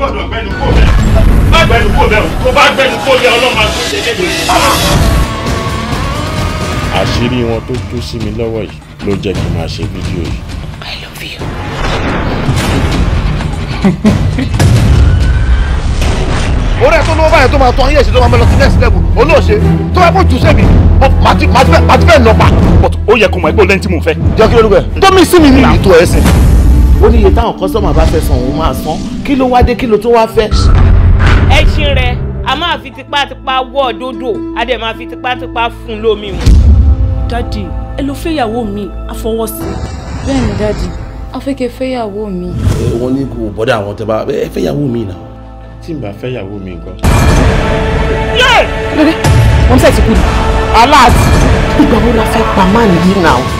gbọ́dọ̀ gbẹnu kó bẹ́ẹ̀ má gbẹnu kó bẹ́ẹ̀ tó bá gbẹnu kó bẹ́ẹ̀ ọlọ́mọ tó ṣe lédè yìí. àṣírí wọn tó tú sí mi lọ́wọ́ yìí ló jẹ́ kí n máa ṣe fídíò yìí. I love you. orí ẹ tó lówó báyìí tó máa tọ́ ayé ẹ̀sìn tó máa mẹ́lọ sí next level olóòṣè tó bá kó jù sẹ́mi màtí fẹ́ẹ́ nọ pa. ó yẹ kó mọ̀ ẹgbẹ́ olóyún tí mò ń fẹ́. jẹ́ kí ló bẹ́ẹ̀. tó mi sí mi ẹ̀sìn ó ní iye táwọn kọ́sọ́mà bá fẹ́ san òun máa san kí ló wá dé kí ló tó wá fẹ́. ẹṣin rẹ a máa fi tipátipá wọ́ dódò a dẹ̀ máa fi tipátipá fún lómi mu. dádì ẹ ló fẹ́yàwó mi àfọwọ́sí. bẹ́ẹ̀ ni dádì afẹ́kẹ́ fẹ́yàwó mi. wọ́n ní kò bọ́dọ̀ àwọn tẹ́ bá ẹ fẹ́yàwó mi náà. tí n bá fẹ́yàwó mi gan. yé. kí ló dé wọn fẹ́ẹ́ ti kú ni. aláàtì ìgbà wo la fẹ́ pa máa nìyí náà.